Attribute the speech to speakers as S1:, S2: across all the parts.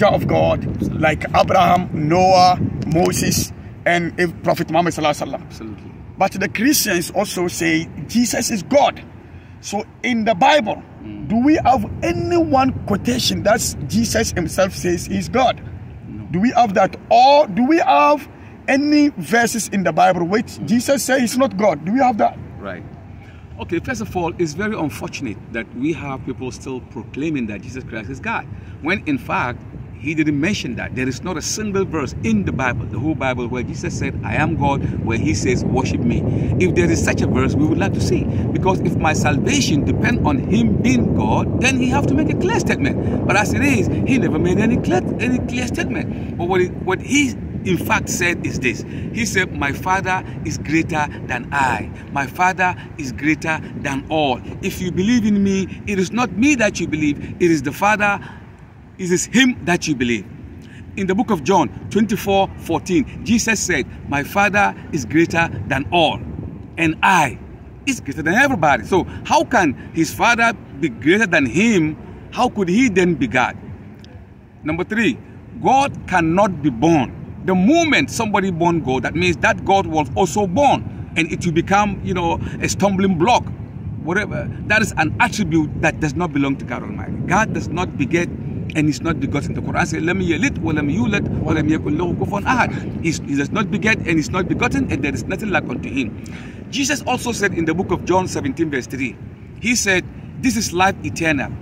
S1: messenger of God like Abraham, Noah, Moses, and Prophet Muhammad. Absolutely. But the Christians also say Jesus is God. So in the Bible, mm. do we have any one quotation that Jesus himself says is God? No. Do we have that? Or do we have any verses in the Bible which mm. Jesus says is not God? Do we have that? Right. Okay,
S2: first of all, it's very unfortunate that we have people still proclaiming that Jesus Christ is God, when in fact, he didn't mention that. There is not a single verse in the Bible, the whole Bible, where Jesus said, I am God, where he says, worship me. If there is such a verse, we would like to see. Because if my salvation depends on him being God, then he have to make a clear statement. But as it is, he never made any clear, any clear statement. But what, what he in fact said is this he said my father is greater than i my father is greater than all if you believe in me it is not me that you believe it is the father it is him that you believe. In the book of John 24 14, Jesus said, My Father is greater than all, and I is greater than everybody. So, how can his Father be greater than him? How could he then be God? Number three, God cannot be born. The moment somebody born God, that means that God was also born, and it will become, you know, a stumbling block whatever. That is an attribute that does not belong to God Almighty. God does not beget and it's not begotten. The Quran says, "Lam يَلِدْ وَلَمْ يُولَدْ وَلَمْ يَكُنْ لَهُ ahad. He's, He does not beget and he's not begotten and there is nothing like unto him. Jesus also said in the book of John 17 verse 3, He said, this is life eternal.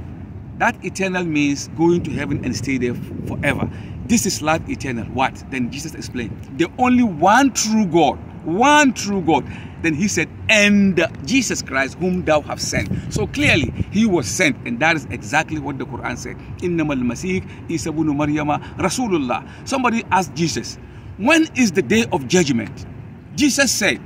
S2: That eternal means going to heaven and stay there forever. This is life eternal. What? Then Jesus explained, the only one true God one true God. Then he said, and Jesus Christ, whom thou have sent. So clearly, he was sent, and that is exactly what the Quran said. al Masih isabunu ibn Maryama Rasulullah. Somebody asked Jesus, when is the day of judgment? Jesus said,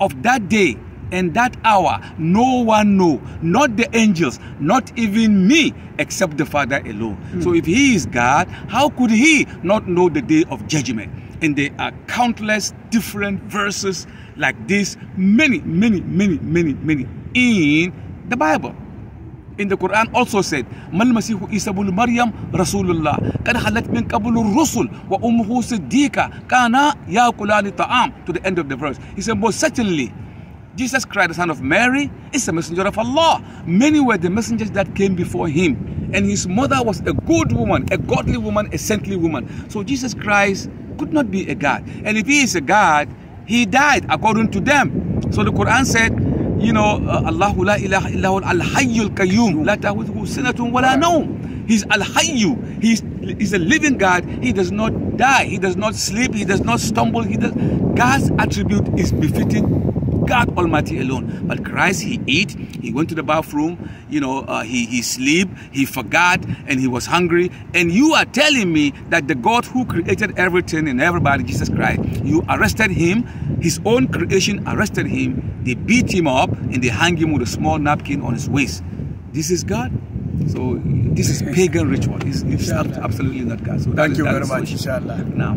S2: of that day and that hour, no one know, not the angels, not even me, except the Father alone. Hmm. So if he is God, how could he not know the day of judgment? And there are countless different verses like this, many, many, many, many, many in the Bible. In the Quran also said, "Mal Masihu Isa ibn Maryam Rasulullah, kad halat min qablu rusul wa ummuhu siddiqa kana yaqulani ta'am" to the end of the verse. He said, "Most certainly, Jesus Christ, the son of Mary, is a messenger of Allah. Many were the messengers that came before him, and his mother was a good woman, a godly woman, a saintly woman. So Jesus Christ could not be a God. And if he is a God, he died according to them. So the Quran said, you know, uh, Allah la ilaha illahu al-hayyul qayyum la ta'khudhuhu sinatun wa la He's al-hayyu. He's, he's a living God. He does not die. He does not sleep. He does not stumble. He does... God's attribute is befitting God Almighty alone. But Christ, he ate, he went to the bathroom, you know, uh, he, he sleep, he forgot, and he was hungry. And you are telling me that the God who created everything and everybody, Jesus Christ, you arrested him, his own creation arrested him, they beat him up, and they hang him with a small napkin on his waist. This is God? So this is pagan ritual. It's, it's absolutely not God. So Thank you very much, inshallah. Now.